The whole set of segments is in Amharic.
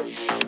Thank you.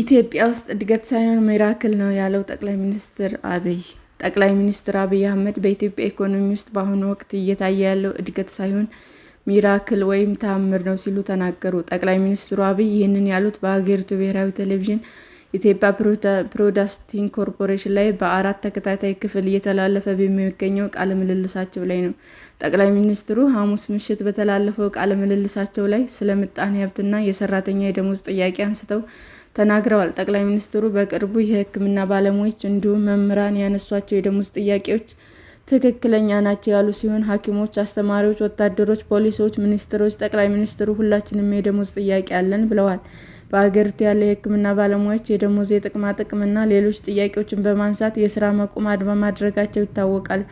ኢትዮጵያ ውስጥ እድገት ሳይሆን ሚራክል ነው ያለው ጠቅላይ ሚኒስትር አብይ ጠቅላይ ሚኒስትር አብይ አህመድ በኢትዮጵያ ኢኮኖሚ ውስጥ በአሁኑ ወቅት እየታየ ያለው እድገት ሳይሆን ሚራክል ወይም ተአምር ነው ሲሉ ተናገሩ። ጠቅላይ ሚኒስትሩ አብይ ይህንን ያሉት በሀገሪቱ ብሔራዊ ቴሌቪዥን ኢትዮጵያ ብሮድካስቲንግ ኮርፖሬሽን ላይ በአራት ተከታታይ ክፍል እየተላለፈ በሚገኘው ቃለ ምልልሳቸው ላይ ነው። ጠቅላይ ሚኒስትሩ ሐሙስ ምሽት በተላለፈው ቃለ ምልልሳቸው ላይ ስለ ምጣኔ ሀብትና የሰራተኛ የደሞዝ ጥያቄ አንስተው ተናግረዋል። ጠቅላይ ሚኒስትሩ በቅርቡ የሕክምና ባለሙያዎች እንዲሁም መምህራን ያነሷቸው የደሞዝ ጥያቄዎች ትክክለኛ ናቸው ያሉ ሲሆን ሐኪሞች፣ አስተማሪዎች፣ ወታደሮች፣ ፖሊሶች፣ ሚኒስትሮች፣ ጠቅላይ ሚኒስትሩ ሁላችንም የደሞዝ ጥያቄ አለን ብለዋል። በአገሪቱ ያለ የሕክምና ባለሙያዎች የደሞዝ፣ የጥቅማ ጥቅምና ሌሎች ጥያቄዎችን በማንሳት የስራ መቁም አድማ ማድረጋቸው ይታወቃል።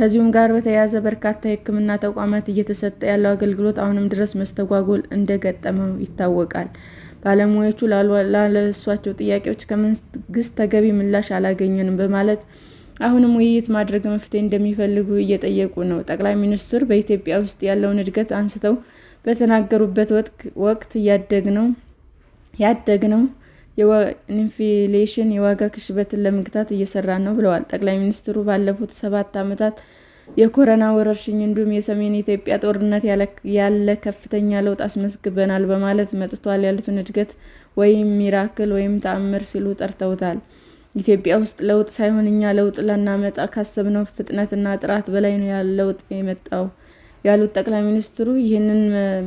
ከዚሁም ጋር በተያያዘ በርካታ የሕክምና ተቋማት እየተሰጠ ያለው አገልግሎት አሁንም ድረስ መስተጓጎል እንደገጠመው ይታወቃል። ባለሙያዎቹ ላለሷቸው ጥያቄዎች ከመንግስት ተገቢ ምላሽ አላገኘንም በማለት አሁንም ውይይት ማድረግ መፍትሄ እንደሚፈልጉ እየጠየቁ ነው። ጠቅላይ ሚኒስትሩ በኢትዮጵያ ውስጥ ያለውን እድገት አንስተው በተናገሩበት ወቅት ያደግ ነው ኢንፍሌሽን የዋጋ ክሽበትን ለመግታት እየሰራ ነው ብለዋል። ጠቅላይ ሚኒስትሩ ባለፉት ሰባት ዓመታት የኮረና ወረርሽኝ እንዲሁም የሰሜን ኢትዮጵያ ጦርነት ያለ ከፍተኛ ለውጥ አስመዝግበናል በማለት መጥቷል ያሉትን እድገት ወይም ሚራክል ወይም ተአምር ሲሉ ጠርተውታል። ኢትዮጵያ ውስጥ ለውጥ ሳይሆን እኛ ለውጥ ለናመጣ ካሰብነው ፍጥነትና ጥራት በላይ ነው ለውጥ የመጣው ያሉት ጠቅላይ ሚኒስትሩ ይህንን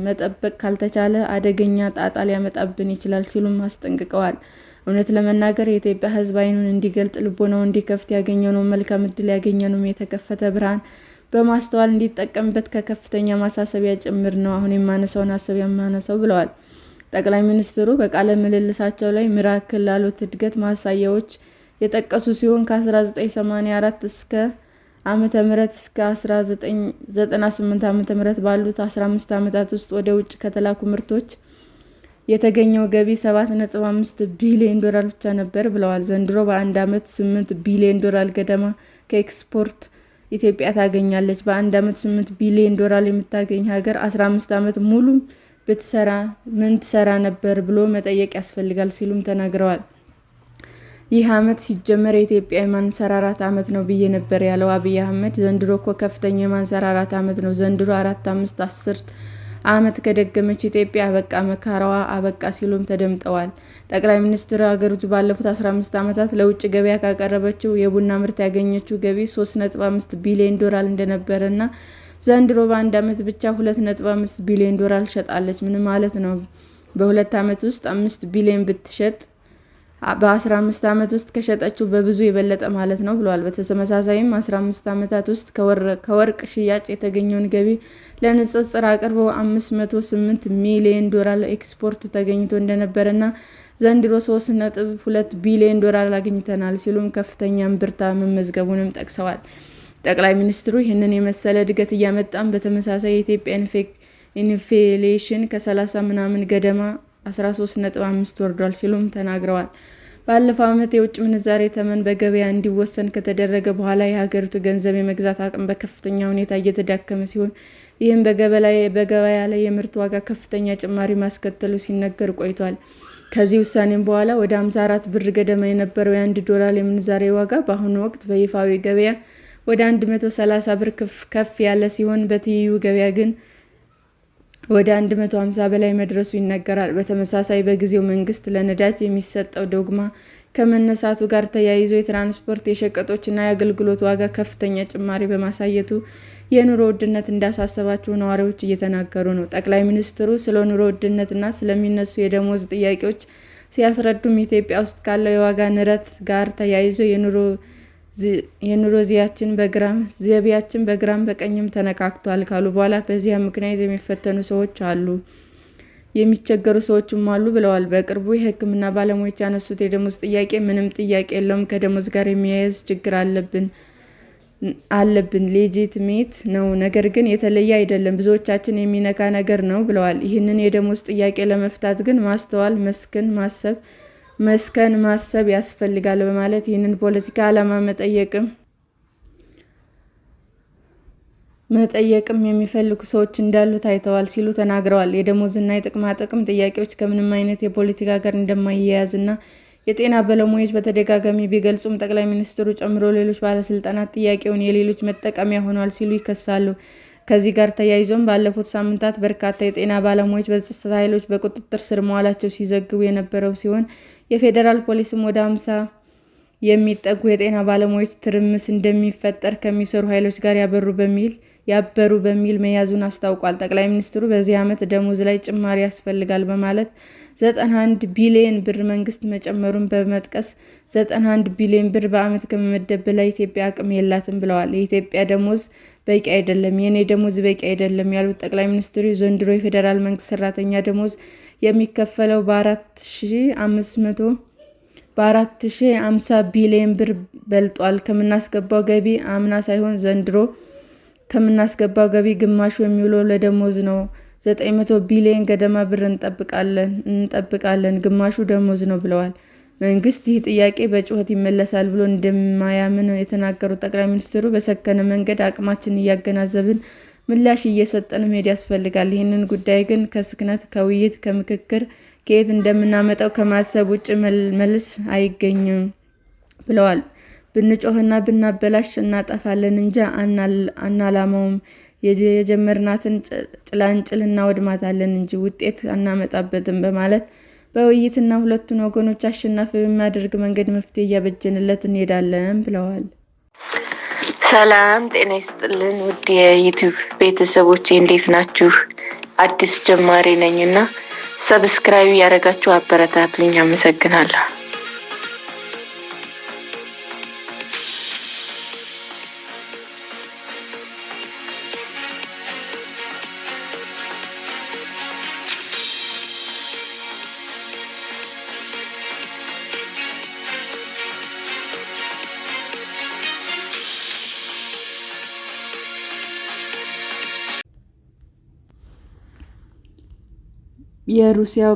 መጠበቅ ካልተቻለ አደገኛ ጣጣ ሊያመጣብን ይችላል ሲሉም አስጠንቅቀዋል። እውነት ለመናገር የኢትዮጵያ ሕዝብ አይኑን እንዲገልጥ ልቦናው እንዲከፍት ያገኘነው መልካም ዕድል ያገኘነውም የተከፈተ ብርሃን በማስተዋል እንዲጠቀምበት ከከፍተኛ ማሳሰቢያ ጭምር ነው አሁን የማነሳውን ሀሳብ የማነሳው ብለዋል። ጠቅላይ ሚኒስትሩ በቃለ ምልልሳቸው ላይ ሚራክል ላሉት እድገት ማሳያዎች የጠቀሱ ሲሆን ከ1984 እስከ ዓመተ ምህረት እስከ 1998 ዓመተ ምህረት ባሉት 15 ዓመታት ውስጥ ወደ ውጭ ከተላኩ ምርቶች የተገኘው ገቢ 7.5 ቢሊዮን ዶላር ብቻ ነበር ብለዋል። ዘንድሮ በአንድ ዓመት 8 ቢሊዮን ዶላር ገደማ ከኤክስፖርት ኢትዮጵያ ታገኛለች። በአንድ ዓመት 8 ቢሊዮን ዶላር የምታገኝ ሀገር 15 ዓመት ሙሉ ብትሰራ ምን ትሰራ ነበር ብሎ መጠየቅ ያስፈልጋል ሲሉም ተናግረዋል። ይህ ዓመት ሲጀመር የኢትዮጵያ የማንሰራራት ዓመት ነው ብዬ ነበር ያለው አብይ አህመድ፣ ዘንድሮ እኮ ከፍተኛ የማንሰራራት ዓመት ነው። ዘንድሮ አራት አምስት አስርት ዓመት ከደገመች ኢትዮጵያ አበቃ መከራዋ አበቃ ሲሉም ተደምጠዋል። ጠቅላይ ሚኒስትር አገሪቱ ባለፉት 15 ዓመታት ለውጭ ገበያ ካቀረበችው የቡና ምርት ያገኘችው ገቢ 3.5 ቢሊዮን ዶላር እንደነበረ እና ዘንድሮ በአንድ ዓመት ብቻ 2.5 ቢሊዮን ዶላር ሸጣለች። ምን ማለት ነው? በሁለት ዓመት ውስጥ 5 ቢሊዮን ብትሸጥ በ15 ዓመት ውስጥ ከሸጠችው በብዙ የበለጠ ማለት ነው ብለዋል። በተመሳሳይም 15 ዓመታት ውስጥ ከወርቅ ሽያጭ የተገኘውን ገቢ ለንጽጽር አቅርበው 508 ሚሊዮን ዶላር ኤክስፖርት ተገኝቶ እንደነበረና ዘንድሮ 3.2 ቢሊዮን ዶላር አግኝተናል ሲሉም ከፍተኛም ብርታ መመዝገቡንም ጠቅሰዋል። ጠቅላይ ሚኒስትሩ ይህንን የመሰለ እድገት እያመጣም በተመሳሳይ የኢትዮጵያ ኢንፌሌሽን ከ30 ምናምን ገደማ 13.5 ወርዷል ሲሉም ተናግረዋል። ባለፈው ዓመት የውጭ ምንዛሬ ተመን በገበያ እንዲወሰን ከተደረገ በኋላ የሀገሪቱ ገንዘብ የመግዛት አቅም በከፍተኛ ሁኔታ እየተዳከመ ሲሆን ይህም በገበያ ላይ የምርት ዋጋ ከፍተኛ ጭማሪ ማስከተሉ ሲነገር ቆይቷል። ከዚህ ውሳኔም በኋላ ወደ 54 ብር ገደማ የነበረው የአንድ ዶላር የምንዛሬ ዋጋ በአሁኑ ወቅት በይፋዊ ገበያ ወደ 130 ብር ከፍ ያለ ሲሆን በትይዩ ገበያ ግን ወደ 150 በላይ መድረሱ ይነገራል። በተመሳሳይ በጊዜው መንግሥት ለነዳጅ የሚሰጠው ዶግማ ከመነሳቱ ጋር ተያይዞ የትራንስፖርት፣ የሸቀጦችና የአገልግሎት ዋጋ ከፍተኛ ጭማሪ በማሳየቱ የኑሮ ውድነት እንዳሳሰባቸው ነዋሪዎች እየተናገሩ ነው። ጠቅላይ ሚኒስትሩ ስለ ኑሮ ውድነትና ስለሚነሱ የደሞዝ ጥያቄዎች ሲያስረዱም ኢትዮጵያ ውስጥ ካለው የዋጋ ንረት ጋር ተያይዞ የኑሮ የኑሮ ዚያችን በግራም ዘይቤያችን በግራም በቀኝም ተነካክቷል ካሉ በኋላ በዚያ ምክንያት የሚፈተኑ ሰዎች አሉ፣ የሚቸገሩ ሰዎችም አሉ ብለዋል። በቅርቡ የሕክምና ባለሙያዎች ያነሱት የደሞዝ ጥያቄ ምንም ጥያቄ የለውም፣ ከደሞዝ ጋር የሚያያዝ ችግር አለብን አለብን ሌጂትሜት ነው፣ ነገር ግን የተለየ አይደለም፣ ብዙዎቻችን የሚነካ ነገር ነው ብለዋል። ይህንን የደሞዝ ጥያቄ ለመፍታት ግን ማስተዋል፣ መስክን ማሰብ መስከን ማሰብ ያስፈልጋል በማለት ይህንን ፖለቲካ ዓላማ መጠየቅም መጠየቅም የሚፈልጉ ሰዎች እንዳሉ ታይተዋል ሲሉ ተናግረዋል። የደሞዝና የጥቅማ ጥቅም ጥያቄዎች ከምንም አይነት የፖለቲካ ጋር ና የጤና ባለሙያዎች በተደጋጋሚ ቢገልጹም ጠቅላይ ሚኒስትሩ ጨምሮ ሌሎች ባለስልጣናት ጥያቄውን የሌሎች መጠቀሚያ ሆኗል ሲሉ ይከሳሉ። ከዚህ ጋር ተያይዞም ባለፉት ሳምንታት በርካታ የጤና ባለሙያዎች በጸጥታ ኃይሎች በቁጥጥር ስር መዋላቸው ሲዘግቡ የነበረው ሲሆን የፌዴራል ፖሊስም ወደ አምሳ የሚጠጉ የጤና ባለሙያዎች ትርምስ እንደሚፈጠር ከሚሰሩ ኃይሎች ጋር ያበሩ በሚል ያበሩ በሚል መያዙን አስታውቋል። ጠቅላይ ሚኒስትሩ በዚህ ዓመት ደሞዝ ላይ ጭማሪ ያስፈልጋል በማለት 91 ቢሊዮን ብር መንግስት መጨመሩን በመጥቀስ 91 ቢሊዮን ብር በዓመት ከመመደብ በላይ ኢትዮጵያ አቅም የላትም ብለዋል። የኢትዮጵያ ደሞዝ በቂ አይደለም፣ የእኔ ደሞዝ በቂ አይደለም ያሉት ጠቅላይ ሚኒስትሩ ዘንድሮ የፌዴራል መንግስት ሰራተኛ ደሞዝ የሚከፈለው በ4050 ቢሊዮን ብር በልጧል። ከምናስገባው ገቢ አምና ሳይሆን ዘንድሮ ከምናስገባው ገቢ ግማሹ የሚውለው ለደሞዝ ነው 900 ቢሊዮን ገደማ ብር እንጠብቃለን፣ ግማሹ ደሞዝ ነው ብለዋል። መንግስት ይህ ጥያቄ በጩኸት ይመለሳል ብሎ እንደማያምን የተናገሩት ጠቅላይ ሚኒስትሩ በሰከነ መንገድ አቅማችንን እያገናዘብን ምላሽ እየሰጠን መሄድ ያስፈልጋል። ይህንን ጉዳይ ግን ከስክነት፣ ከውይይት፣ ከምክክር ከየት እንደምናመጣው ከማሰብ ውጭ መልስ አይገኝም ብለዋል። ብንጮህና ብናበላሽ እናጠፋለን እንጂ አናላማውም። የጀመርናትን ጭላንጭል እናወድማታለን እንጂ ውጤት አናመጣበትም በማለት በውይይትና ሁለቱን ወገኖች አሸናፊ በሚያደርግ መንገድ መፍትሄ እያበጀንለት እንሄዳለን ብለዋል። ሰላም ጤና ይስጥልን ውድ የዩቲዩብ ቤተሰቦች እንዴት ናችሁ? አዲስ ጀማሪ ነኝ እና ሰብስክራይብ ያደረጋችሁ አበረታቱኝ። አመሰግናለሁ። የሩሲያው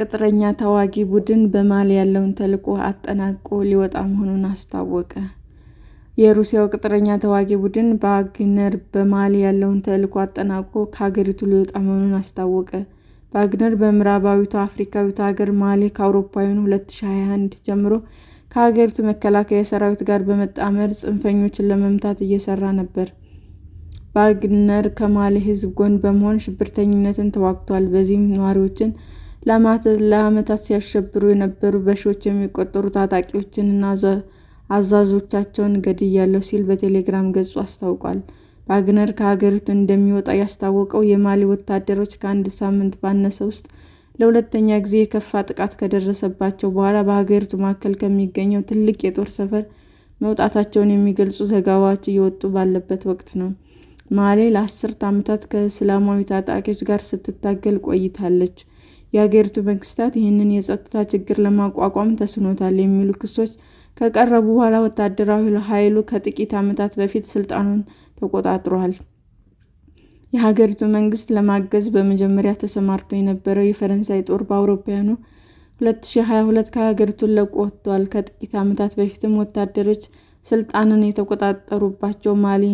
ቅጥረኛ ተዋጊ ቡድን በማሊ ያለውን ተልዕኮ አጠናቆ ሊወጣ መሆኑን አስታወቀ። የሩሲያው ቅጥረኛ ተዋጊ ቡድን ባግነር በማሊ ያለውን ተልዕኮ አጠናቆ ከሀገሪቱ ሊወጣ መሆኑን አስታወቀ። ባግነር በምዕራባዊቷ አፍሪካዊት ሀገር ማሊ ከአውሮፓውያኑ 2021 ጀምሮ ከሀገሪቱ መከላከያ ሰራዊት ጋር በመጣመር ጽንፈኞችን ለመምታት እየሰራ ነበር። ባግነር ከማሊ ሕዝብ ጎን በመሆን ሽብርተኝነትን ተዋግቷል። በዚህም ነዋሪዎችን ለዓመታት ሲያሸብሩ የነበሩ በሺዎች የሚቆጠሩ ታጣቂዎችንና አዛዦቻቸውን ገድያለሁ ሲል በቴሌግራም ገጹ አስታውቋል። ባግነር ከሀገሪቱ እንደሚወጣ ያስታወቀው የማሊ ወታደሮች ከአንድ ሳምንት ባነሰ ውስጥ ለሁለተኛ ጊዜ የከፋ ጥቃት ከደረሰባቸው በኋላ በሀገሪቱ መካከል ከሚገኘው ትልቅ የጦር ሰፈር መውጣታቸውን የሚገልጹ ዘገባዎች እየወጡ ባለበት ወቅት ነው። ማሌ ለአስርት ዓመታት ከእስላማዊ ታጣቂዎች ጋር ስትታገል ቆይታለች። የአገሪቱ መንግስታት ይህንን የጸጥታ ችግር ለማቋቋም ተስኖታል የሚሉ ክሶች ከቀረቡ በኋላ ወታደራዊ ኃይሉ ከጥቂት ዓመታት በፊት ስልጣኑን ተቆጣጥሯል። የሀገሪቱ መንግስት ለማገዝ በመጀመሪያ ተሰማርቶ የነበረው የፈረንሳይ ጦር በአውሮፓውያኑ 2022 ከሀገሪቱን ለቆ ወጥቷል። ከጥቂት ዓመታት በፊትም ወታደሮች ስልጣንን የተቆጣጠሩባቸው ማሊ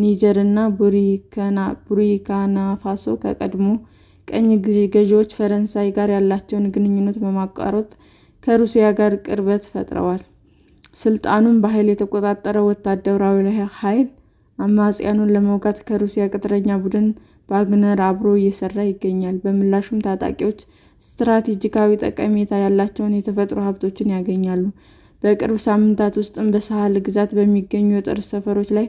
ኒጀር እና ቡርኪና ፋሶ ከቀድሞ ቀኝ ገዢዎች ፈረንሳይ ጋር ያላቸውን ግንኙነት በማቋረጥ ከሩሲያ ጋር ቅርበት ፈጥረዋል። ስልጣኑን በኃይል የተቆጣጠረ ወታደራዊ ኃይል አማጽያኑን ለመውጋት ከሩሲያ ቅጥረኛ ቡድን ባግነር አብሮ እየሰራ ይገኛል። በምላሹም ታጣቂዎች ስትራቴጂካዊ ጠቀሜታ ያላቸውን የተፈጥሮ ሀብቶችን ያገኛሉ። በቅርብ ሳምንታት ውስጥም በሳህል ግዛት በሚገኙ የጦር ሰፈሮች ላይ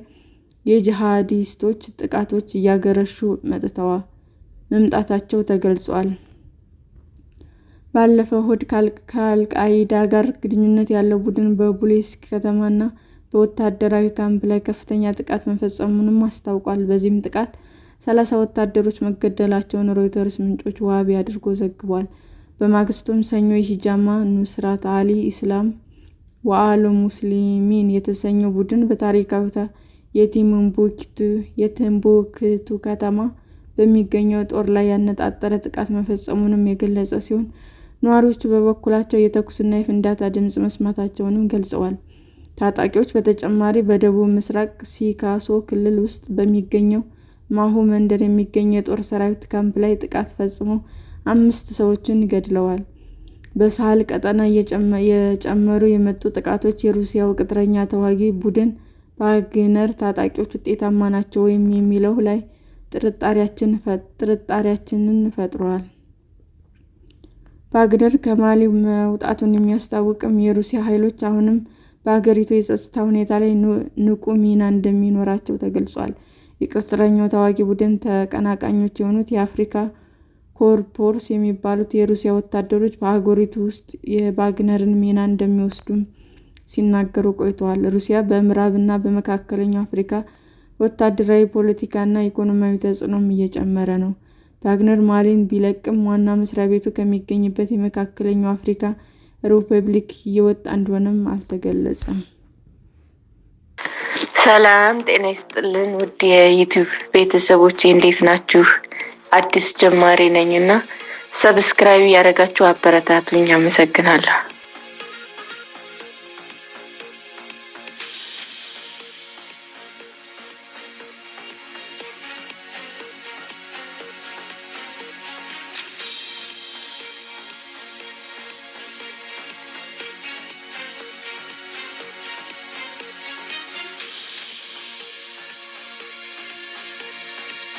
የጂሃዲስቶች ጥቃቶች እያገረሹ መጥተዋ መምጣታቸው ተገልጿል። ባለፈው እሁድ ከአልቃይዳ ጋር ግንኙነት ያለው ቡድን በቡሌስክ ከተማና በወታደራዊ ካምፕ ላይ ከፍተኛ ጥቃት መፈጸሙንም አስታውቋል። በዚህም ጥቃት ሰላሳ ወታደሮች መገደላቸውን ሮይተርስ ምንጮች ዋቢ አድርጎ ዘግቧል። በማግስቱም ሰኞ የሂጃማ ኑስራት አሊ ኢስላም ወአል ሙስሊሚን የተሰኘው ቡድን በታሪካዊ የቲምቡክቱ ከተማ በሚገኘው ጦር ላይ ያነጣጠረ ጥቃት መፈጸሙንም የገለጸ ሲሆን ነዋሪዎቹ በበኩላቸው የተኩስና የፍንዳታ ድምፅ መስማታቸውንም ገልጸዋል። ታጣቂዎች በተጨማሪ በደቡብ ምስራቅ ሲካሶ ክልል ውስጥ በሚገኘው ማሁ መንደር የሚገኝ የጦር ሰራዊት ካምፕ ላይ ጥቃት ፈጽመው አምስት ሰዎችን ገድለዋል። በሳህል ቀጠና እየጨመሩ የመጡ ጥቃቶች የሩሲያው ቅጥረኛ ተዋጊ ቡድን ባግነር ታጣቂዎች ውጤታማ ናቸው ወይም የሚለው ላይ ጥርጣሬያችንን ፈጥሯል። ቫግነር ከማሊ መውጣቱን የሚያስታውቅም የሩሲያ ኃይሎች አሁንም በሀገሪቱ የጸጥታ ሁኔታ ላይ ንቁ ሚና እንደሚኖራቸው ተገልጿል። የቅጥረኛው ተዋጊ ቡድን ተቀናቃኞች የሆኑት የአፍሪካ ኮርፖርስ የሚባሉት የሩሲያ ወታደሮች በሀገሪቱ ውስጥ የቫግነርን ሚና እንደሚወስዱም ሲናገሩ ቆይተዋል። ሩሲያ በምዕራብ እና በመካከለኛው አፍሪካ ወታደራዊ፣ ፖለቲካና ኢኮኖሚያዊ ተጽዕኖም እየጨመረ ነው። ቫግነር ማሊን ቢለቅም ዋና መስሪያ ቤቱ ከሚገኝበት የመካከለኛው አፍሪካ ሪፐብሊክ እየወጣ እንደሆነም አልተገለጸም። ሰላም ጤና ይስጥልን ውድ የዩቲዩብ ቤተሰቦች እንዴት ናችሁ? አዲስ ጀማሪ ነኝ እና ሰብስክራይብ ያደረጋችሁ አበረታቱኝ። አመሰግናለሁ።